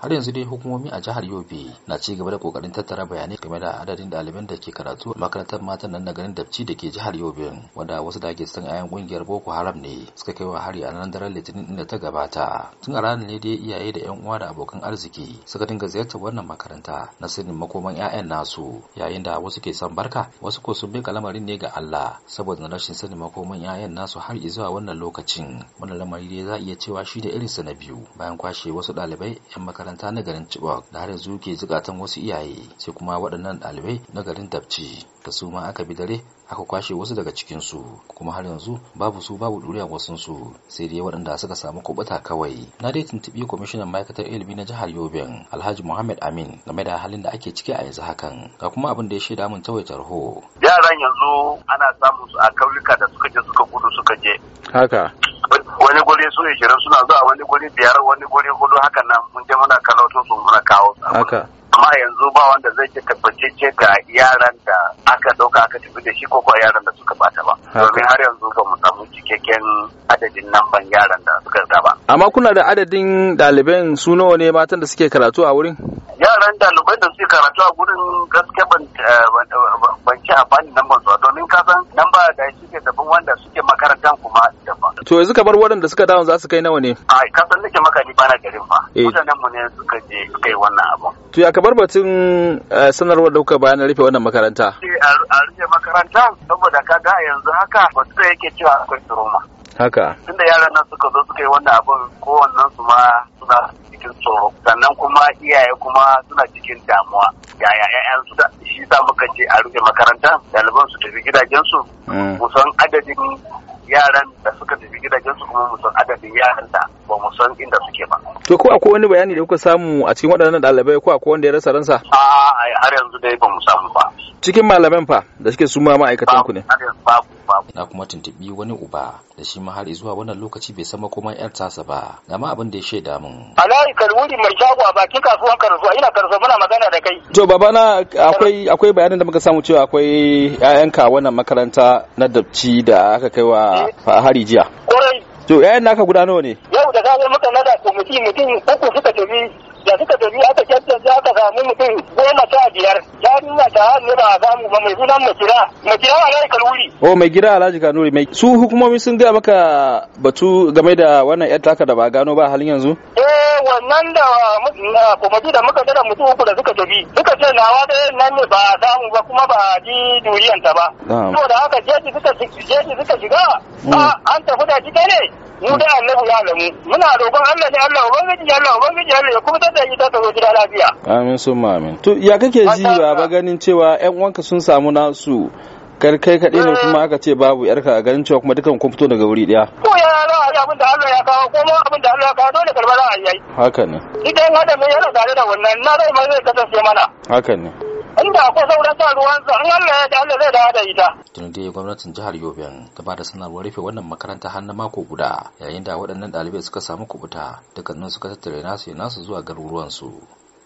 har yanzu dai hukumomi a jihar yobe na ci gaba da kokarin tattara bayanai game da adadin ɗaliban da ke karatu a makarantar matan nan na garin dabci da ke jihar yobe wanda wasu da ake san ayan kungiyar boko haram ne suka kai wa hari a nan daren litinin inda da ta gabata tun a ranar ne dai iyaye da yan uwa da abokan arziki suka dinga ziyartar wannan makaranta na sirrin makoman 'ya'yan nasu yayin da wasu ke son barka wasu ko sun mika lamarin ne ga Allah saboda rashin sanin makoman 'ya'yan nasu har zuwa wannan lokacin wannan lamari dai za a iya cewa shi da irinsa na biyu bayan kwashe wasu ɗalibai 'yan makaranta makaranta na garin Chibok da har yanzu ke zukatan wasu iyaye sai kuma waɗannan ɗalibai na garin Dabci da su ma aka bi dare aka kwashe wasu daga cikinsu kuma har yanzu babu su babu ɗuriya wasun su sai dai waɗanda suka samu kubuta kawai na dai tuntuɓi kwamishinan ma'aikatar ilimi na jihar Yobin Alhaji Muhammad Amin game da halin da ake ciki a yanzu hakan ga kuma abin da ya shaida mun tawai tarho yaran yanzu ana samun su a kauyuka da suka je suka gudu suka je haka shirin suna zuwa wani guri biyar wani guri hudu haka nan mun je muna kalauto su muna kawo amma yanzu ba wanda zai ce ga yaran da aka dauka aka tafi da shi ko kuwa yaran da suka bata ba domin har yanzu ba mu samu cikakken adadin nan ban yaran da suka ba amma kuna da adadin ɗaliban su nawa ne matan da suke karatu a wurin yaran ɗaliban da suke karatu a gurin gaske eh, eh, ban ci a bani nan ban domin kasan nan ba da shi ke ban wanda suke makarantar to yanzu kamar waɗanda suka dawo za su kai nawa ne a ka san nake maka ni bana garin fa eh. mutanen mu ne suka je suka yi wannan abun to ya kamar batun eh, sanarwar da kuka bayan rufe wannan makaranta eh, a rufe makaranta saboda kaga yanzu haka ba su yake cewa akwai turoma haka tunda yaran nan suka zo suka yi wannan abun kowannen su ma suna cikin tsoro sannan kuma iyaye kuma suna cikin damuwa yaya 'ya'yansu da shi sa muka ce a rufe makaranta ɗaliban su tafi gidajensu mm. musan adadin yaran da suka tafi gidajensu kuma musan adadin yaran da ba musan inda suke ba. To ko akwai wani bayani da kuka samu a cikin waɗannan ɗalibai ko akwai wanda ya rasa ransa? A'a, har yanzu dai ba mu samu ba. Cikin malaman fa da suke su ma ma'aikatan ku ne. Babu babu na kuma tuntubi wani uba da shi ma har zuwa wannan lokaci bai san komai yar tasa ba ga ma abin da ya shaida mun alai kalwuri mai shago a bakin kasuwan karzuwa ina karzuwa muna magana da kai to babana akwai akwai bayanin da muka samu cewa akwai ƴaƴanka wannan makaranta na dabci da aka kai wa hari jiya to ƴaƴan naka guda nawa ne yau da zagar muka nada komiti mutum mutum uku suka tafi da suka tafi aka yadda za ka samu mutum goma sha biyar ya nuna ta a samu ba mai sunan mai kira mai kira alhaji kanuri. oh mai kira alhaji kanuri su hukumomi sun gaya maka batu game da wannan yar taka da ba gano ba halin yanzu. eh wannan da da muka mutum uku da suka tafi suka ce nawa nan ne ba a samu ba kuma ba a ji duriyanta ba. da haka jeji suka shiga mm. an tafi da shi ne. mu da annabi ya lamu muna roƙon Allah ne Allah ubangiji Allah ubangiji Allah ya kuma tada ita ta zo gidana lafiya amin sun amin to ya kake ji baba ganin cewa yan uwanka sun samu nasu kar kai kaɗai ne eh. kuma aka ce babu yarka a ganin cewa kuma dukan kun fito daga wuri ɗaya. ko ya za a yi abin da Allah ya kawo ko ma abin da Allah ya kawo dole karɓa za a yi. haka ne. idan hada mai yana tare da wannan na zai ma zai kasance mana. haka ne. inda akwai sauran sa ruwansa in Allah ya da Allah zai dawo da ita. Tunde gwamnatin jihar yobe ta ba da sanarwar rufe wannan makaranta har na mako guda yayin da waɗannan ɗalibai suka samu kubuta dukkanin suka tattare nasu nasu zuwa garuruwansu.